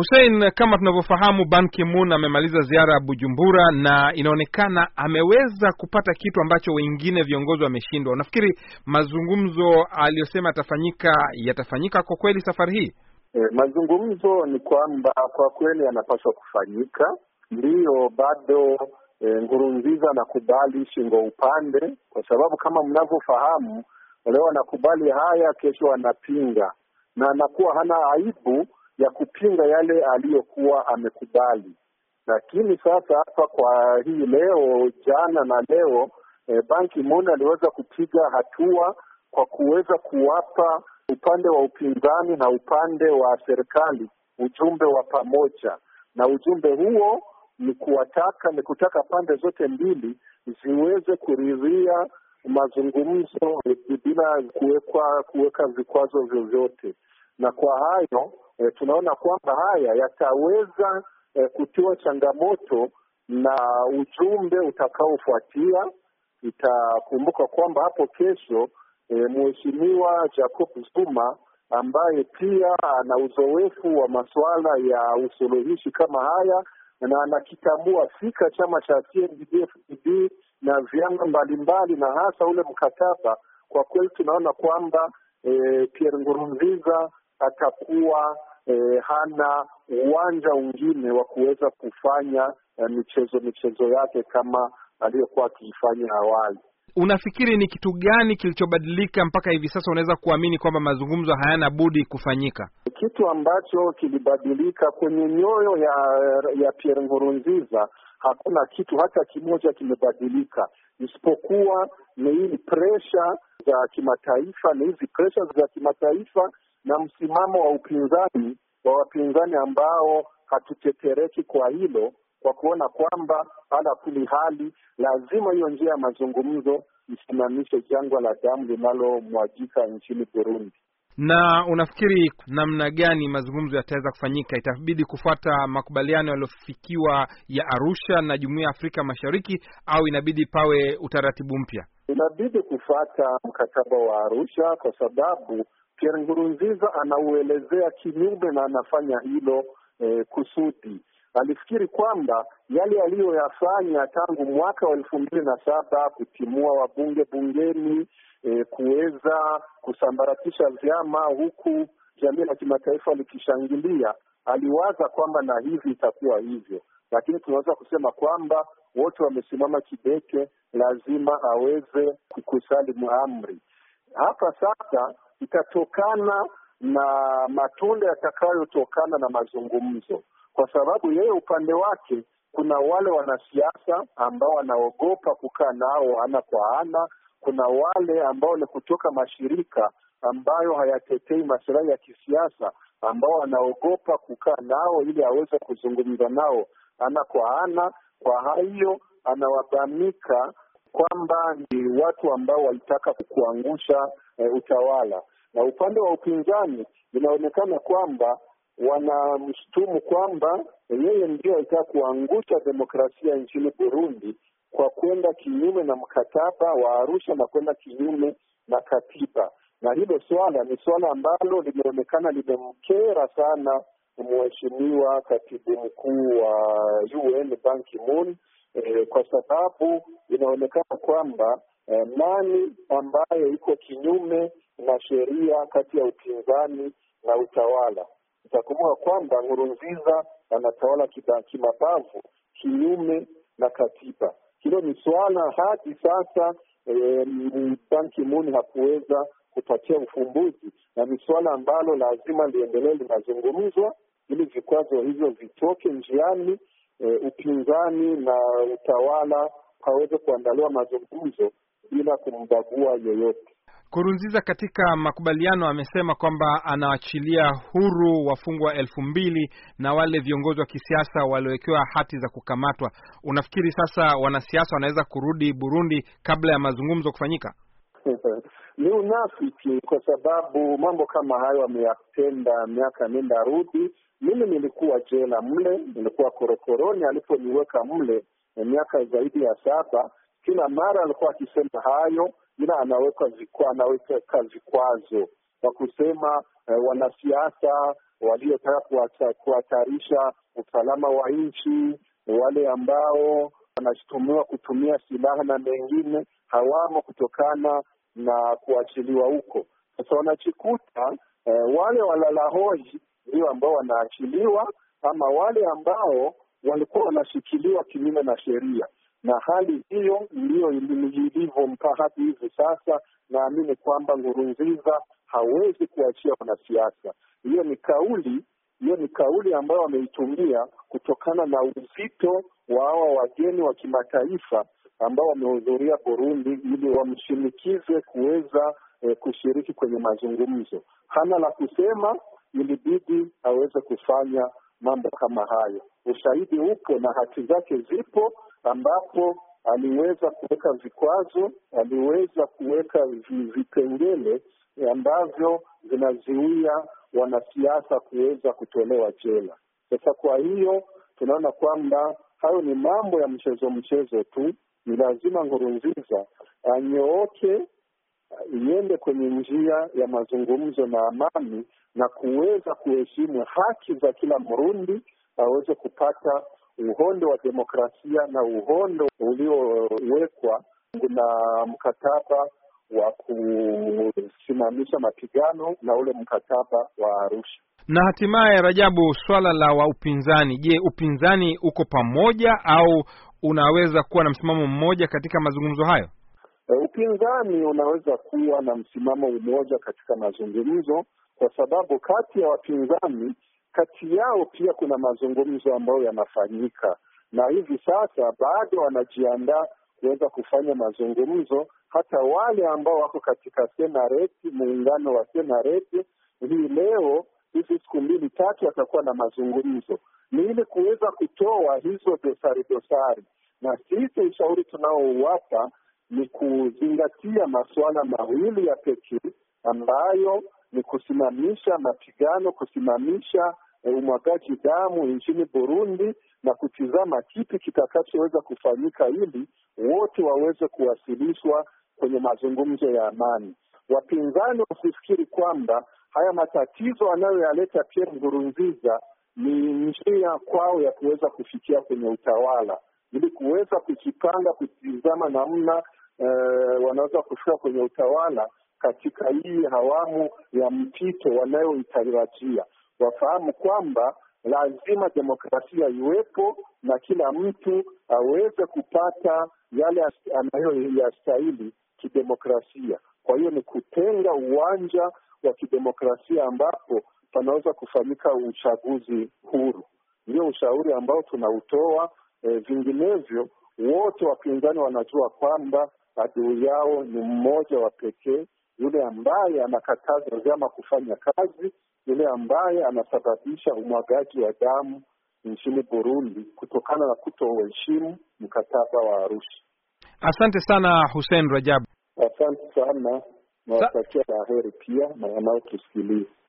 Hussein, kama tunavyofahamu, Ban Ki-moon amemaliza ziara ya Bujumbura na inaonekana ameweza kupata kitu ambacho wengine viongozi wameshindwa. Unafikiri mazungumzo aliyosema yatafanyika yatafanyika kwa kweli safari hii? E, mazungumzo ni kwamba kwa kweli yanapaswa kufanyika. Ndiyo, bado e, Ngurunziza anakubali shingo upande, kwa sababu kama mnavyofahamu, leo anakubali haya, kesho anapinga na anakuwa hana aibu ya kupinga yale aliyokuwa amekubali. Lakini sasa hapa kwa hii leo, jana na leo, e, eh, Banki Mun aliweza kupiga hatua kwa kuweza kuwapa upande wa upinzani na upande wa serikali ujumbe wa pamoja, na ujumbe huo ni kuwataka ni kutaka pande zote mbili ziweze kuridhia mazungumzo bila kuwekwa kuweka vikwazo vyovyote na kwa hayo e, tunaona kwamba haya yataweza e, kutiwa changamoto na ujumbe utakaofuatia. Itakumbuka kwamba hapo kesho e, mheshimiwa Jacob Zuma ambaye pia ana uzoefu wa masuala ya usuluhishi kama haya na anakitambua fika chama cha CNDD-FDD na vyama mbalimbali na hasa ule mkataba, kwa kweli tunaona kwamba e, Pierre Nkurunziza atakuwa eh, hana uwanja wengine wa kuweza kufanya eh, michezo michezo yake kama aliyokuwa akiifanya awali. Unafikiri ni kitu gani kilichobadilika mpaka hivi sasa unaweza kuamini kwamba mazungumzo hayana budi kufanyika? Kitu ambacho kilibadilika kwenye nyoyo ya ya Pierre Nkurunziza, hakuna kitu hata kimoja kimebadilika, isipokuwa ni hii presha za kimataifa, ni hizi presha za kimataifa na msimamo wa upinzani wa wapinzani ambao hatutetereki kwa hilo, kwa kuona kwamba ala kuli hali lazima hiyo njia ya mazungumzo isimamishe jangwa la damu linalomwagika nchini Burundi. Na unafikiri namna gani mazungumzo yataweza kufanyika? Itabidi kufuata makubaliano yaliyofikiwa ya Arusha na Jumuiya ya Afrika Mashariki au inabidi pawe utaratibu mpya? Inabidi kufuata mkataba wa Arusha kwa sababu Pierre Nkurunziza anauelezea kinyume na anafanya hilo eh, kusudi. Alifikiri kwamba yale aliyoyafanya tangu mwaka wa elfu mbili na saba kutimua wabunge bungeni, eh, kuweza kusambaratisha vyama huku jamii la kimataifa likishangilia, aliwaza kwamba na hivi itakuwa hivyo, lakini tunaweza kusema kwamba wote wamesimama kibeke, lazima aweze kusalimu amri. Hapa sasa itatokana na matunda yatakayotokana na mazungumzo, kwa sababu yeye upande wake kuna wale wanasiasa ambao wanaogopa kukaa nao ana kwa ana. Kuna wale ambao ni kutoka mashirika ambayo hayatetei masilahi ya kisiasa, ambao wanaogopa kukaa nao ili aweze kuzungumza nao ana kwa ana. Kwa hiyo anawabamika kwamba ni watu ambao walitaka kuangusha e, eh, utawala na upande wa upinzani inaonekana kwamba wanamshutumu kwamba yeye ndio alitaka kuangusha demokrasia nchini Burundi kwa kwenda kinyume na mkataba wa Arusha na kwenda kinyume na katiba, na hilo swala ni swala ambalo limeonekana limemkera sana mheshimiwa katibu mkuu wa UN Ban Ki-moon, eh, kwa sababu inaonekana kwamba eh, nani ambaye iko kinyume na sheria kati ya upinzani na utawala. Itakumbuka kwamba Nkurunziza anatawala kimabavu kinyume na katiba. Hilo ni swala hadi sasa e, Ban Ki-moon hakuweza kupatia ufumbuzi, na ni swala ambalo lazima liendelee linazungumzwa ili vikwazo hivyo vitoke njiani, e, upinzani na utawala paweze kuandaliwa mazungumzo bila kumbagua yeyote. Kurunziza katika makubaliano amesema kwamba anawachilia huru wafungwa elfu mbili na wale viongozi wa kisiasa waliowekewa hati za kukamatwa. Unafikiri sasa wanasiasa wanaweza kurudi Burundi kabla ya mazungumzo kufanyika? Ni unafiki kwa sababu mambo kama hayo ameyatenda miaka nenda rudi. Mimi nilikuwa jela mle, nilikuwa korokoroni aliponiweka mle eh, miaka zaidi ya saba. Kila mara alikuwa akisema hayo ila anaweka anaweka vikwazo kwa kusema eh, wanasiasa waliotaka kuhatarisha usalama wa nchi, wale ambao wanashutumiwa kutumia silaha na mengine hawamo kutokana na kuachiliwa huko. Sasa wanachikuta eh, wale walalahoi ndio ambao wanaachiliwa ama wale ambao walikuwa wanashikiliwa kinyume na sheria na hali hiyo ndiyo ilivyo mpaka hadi hivi sasa. Naamini kwamba Ngurunziza hawezi kuachia wanasiasa. Hiyo ni kauli hiyo ni kauli ambayo wameitumia kutokana na uzito wa hawa wageni wa kimataifa ambao wamehudhuria Burundi ili wamshinikize kuweza e, kushiriki kwenye mazungumzo. Hana la kusema, ilibidi aweze kufanya mambo kama hayo. Ushahidi upo na hati zake zipo, ambapo aliweza kuweka vikwazo, aliweza kuweka vipengele ambavyo vinazuia wanasiasa kuweza kutolewa jela. Sasa kwa hiyo tunaona kwamba hayo ni mambo ya mchezo mchezo tu. Ni lazima Nkurunziza anyooke, iende kwenye njia ya mazungumzo na amani na kuweza kuheshimu haki za kila Mrundi aweze kupata uhondo wa demokrasia na uhondo uliowekwa. Kuna mkataba wa kusimamisha mapigano na ule mkataba wa Arusha na hatimaye, Rajabu, swala la wa upinzani. Je, upinzani uko pamoja au unaweza kuwa na msimamo mmoja katika mazungumzo hayo? E, upinzani unaweza kuwa na msimamo mmoja katika mazungumzo, kwa sababu kati ya wapinzani kati yao pia kuna mazungumzo ambayo yanafanyika, na hivi sasa bado wanajiandaa kuweza kufanya mazungumzo. Hata wale ambao wako katika senareti, muungano wa senareti hii leo, hizi siku mbili tatu, watakuwa na mazungumzo, ni ili kuweza kutoa hizo dosari dosari, na sisi ushauri tunaowapa ni kuzingatia masuala mawili ya pekee ambayo ni kusimamisha mapigano, kusimamisha e, umwagaji damu nchini Burundi na kutizama kipi kitakachoweza kufanyika ili wote waweze kuwasilishwa kwenye mazungumzo ya amani. Wapinzani wasifikiri kwamba haya matatizo anayoyaleta Pierre Nkurunziza ni njia kwao ya kuweza kufikia kwenye utawala, ili kuweza kujipanga, kutizama namna e, wanaweza kufika kwenye utawala katika hii awamu ya mpito wanayoitarajia, wafahamu kwamba lazima demokrasia iwepo na kila mtu aweze kupata yale anayoyastahili kidemokrasia. Kwa hiyo ni kutenga uwanja wa kidemokrasia ambapo panaweza kufanyika uchaguzi huru. Ndio ushauri ambao tunautoa. E, vinginevyo wote wapinzani wanajua kwamba adui yao ni mmoja wa pekee yule ambaye anakataza vyama kufanya kazi, yule ambaye anasababisha umwagaji wa damu nchini Burundi kutokana na kutoheshimu mkataba wa Arusha. Asante sana Hussein Rajabu. Asante sana, nawatakia laheri pia na wanaotusikiliza.